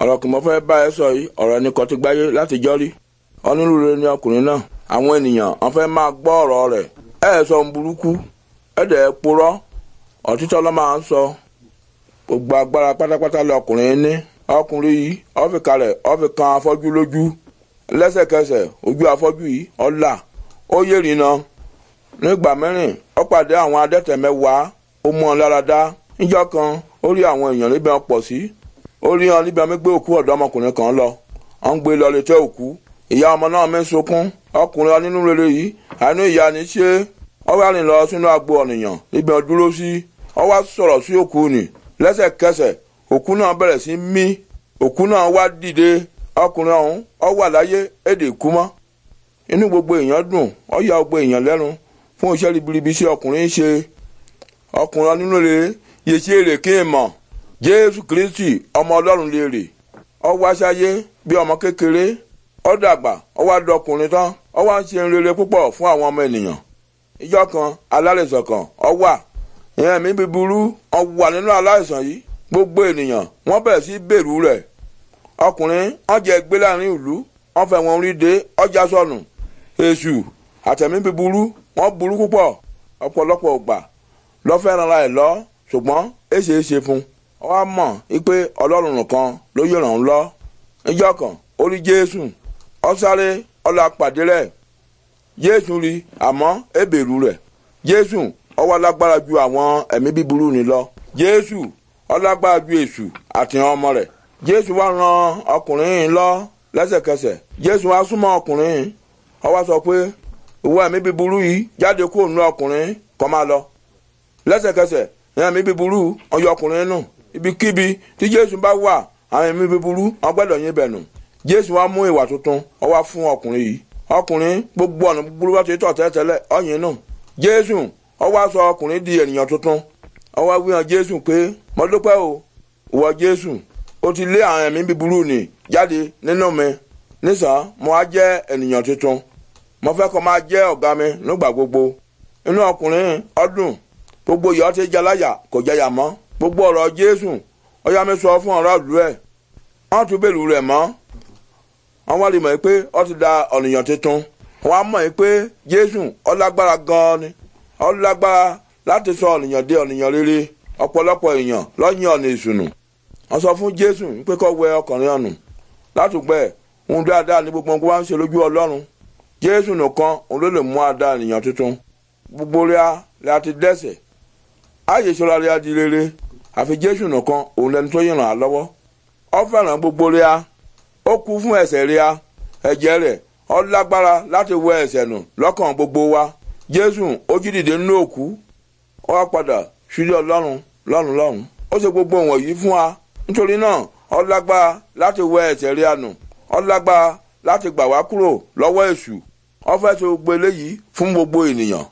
ọ̀rọ̀ kì mọ́ fẹ́ bá ẹ sọ yìí ọ̀rọ̀ ẹni kan ti gbáyé láti jọ́rí onírúurú ni ọkùnrin náà àwọn ènìyàn wọn fẹ́ máa gbọ́ ọ̀rọ̀ rẹ̀ ẹ sọ ń burúkú ẹ dẹ̀ purọ́ òtítọ́ ló máa ń sọ gbogbo agbára pátápátá lé ọkùnrin ní ọkùnrin yìí ó fi kalẹ̀ ó fi kan afọ́jú lójú lẹ́sẹ̀kẹsẹ̀ ojú afọ́jú yìí ó là ó yé ìrìnà nígbà mẹ́rin ó pàdé àwọn adẹ́tẹ̀ mẹ́wàá ó mú wọn lára dá níjọ́ kan ó rí àwọn èèyàn níbẹ̀ pọ̀ sí ó rí hàn níbi amígbé òkú ọ̀dọ́mọkùnrin kan lọ wọ́n ń gbé lọ létí òkú ìyá ọmọ náà mi sunkún ọkùnrin onínú rere yìí àìní ìyá ni ṣé ó wá rìn lọ sínú agbo ọ̀nìyàn níbi ó dúró sí ó wá sọ̀rọ̀ sí òkú nì lẹ́sẹ̀kẹsẹ̀ òkú náà bẹ̀rẹ̀ sí mí òkú náà wá dìde ọkùnrin ọ̀hún ó wà láyé èdè kú mọ́ inú gbogbo èèyàn dùn ó yà gbogbo èèyàn lẹ́nu fún iṣẹ́ ribiribi sí ọkùnrin ṣe ọkùnrin onínú rere yèsí èrè kí n mọ̀ jésù kristi ọmọ ọlọ́run léèrè ó wá sáyé bí ọmọ kékeré ó dàgbà ó wá dọkùnrin tán ó wá ń ṣe rere púpọ̀ fún àwọn ọmọ ènìyàn ìjọ kan aláìsàn kan ó wà ìyẹn mi bíburú ó wà nínú aláìsàn yìí gbogbo ènìyàn wọ́n bẹ̀rẹ̀ sí bẹ̀rù rẹ̀ ọkùnrin ọjà gbé láàrin ìlú wọ́n fẹ́ wọn rí dé ọjà sọnù èṣù àtẹ̀mí bíburú wọ́n burú púpọ̀ ọ̀pọ̀lọpọ̀ ògbà lọ́fẹ́ràn ara ẹ̀ lọ ṣùgbọ́n èṣe é ṣe fún un ọwọ́ mọ̀ wípé ọlọ́run nìkan ló yẹ ràn án lọ níjọ́ kan ó rí jésù ó sáré ọlọ́ apàdé rẹ̀ jésù rí àmọ́ èbèrú rẹ̀ jésù ó wá lágbára ju àwọn ẹ̀mí bíburú ni lọ jésù ó lágbára ju èṣù àti ọmọ rẹ̀ jésù wá ran ọkùnrin yìí lọ lẹ́sẹ̀kẹsẹ̀ jésù wá súnmọ́ ọkùnrin yìí ó wá sọ pé ìwọ ẹ̀mí bíburú yìí jáde kúrò nínú ọkùnrin kó máa lọ lẹ́sẹ̀kẹsẹ̀ ẹ̀mí bíburú ó yọ ọkùnrin nù ibikíbi tí jésù bá wà àwọn ẹ̀mí búburú wọn gbọ́dọ̀ yín bẹ̀nù jésù wá mú ìwà tuntun ó wá fún ọkùnrin yìí ọkùnrin gbogbo ọ̀nà búburú bá ti tọ̀ tẹ́lẹ̀tẹ́lẹ̀ ọ̀yìn náà jésù ó wá sọ ọkùnrin di ènìyàn tuntun ó wá wíhan jésù pé mo dúpẹ́ o ìwọ jésù o ti lé àwọn ẹ̀mí búburú nì jáde nínú mi nísàn mo á jẹ́ ènìyàn tuntun mo fẹ́ kó máa jẹ́ ọ̀gá mi nígbà gbogbo inú ọkùnrin ọdún gbogbo ìyọ́ ti jẹ́ láyà kò jẹ́yà mọ́ gbogbo ọ̀rọ̀ jésù ọyá mi sọ fún ọ̀rọ̀ àdúrú ẹ̀ wọ́n tún bèlú rẹ̀ mọ́ wọ́n wá lè mọ̀ pé ó ti da ọ̀nìyàn tuntun wọ́n á mọ̀ pé jésù ó lágbára gan-an ni ó lágbára láti sọ ọ̀nìyàn dé ọ̀nìyàn rere ọ̀pọ̀lọpọ̀ èèyàn lọ́yìn ọ̀nà ìsùnù wọ́n sọ fún jésù pé kó wẹ ọkùnrin ọ̀nù látùgbẹ́ òun dáadáa ní gbogbo wa ń ṣe lójú ọlọ́run jésù nìkan òun ló lè mú àdá ènìyàn tuntun gbogbo rẹ̀ la ti dẹ́ṣẹ̀ àyè ìṣọ́ra rẹ̀ di rere àfi jésù nìkan òun lẹni tó yìnrìn àlọ́wọ́ ó fẹ́ràn gbogbo ria ó kú fún ẹ̀ṣẹ̀ ria ẹ̀jẹ̀ rẹ̀ ó lágbára láti wẹ ẹ̀ṣẹ̀ nù lọ́kàn gbogbo wa jésù ó jí dìde nínú òkú ó wá padà sílé ọlọ́run lọ́run lọ́run ó ṣe gbogbo wọ̀nyí fún wa nítorí náà ó lágbára láti wẹ ẹ̀ṣẹ̀ ria nù ó lágbára láti gbà wá kúrò lọ́wọ́ èṣù ó fẹ́ ṣe gbogbo eléyìí fún gbogbo ènìyàn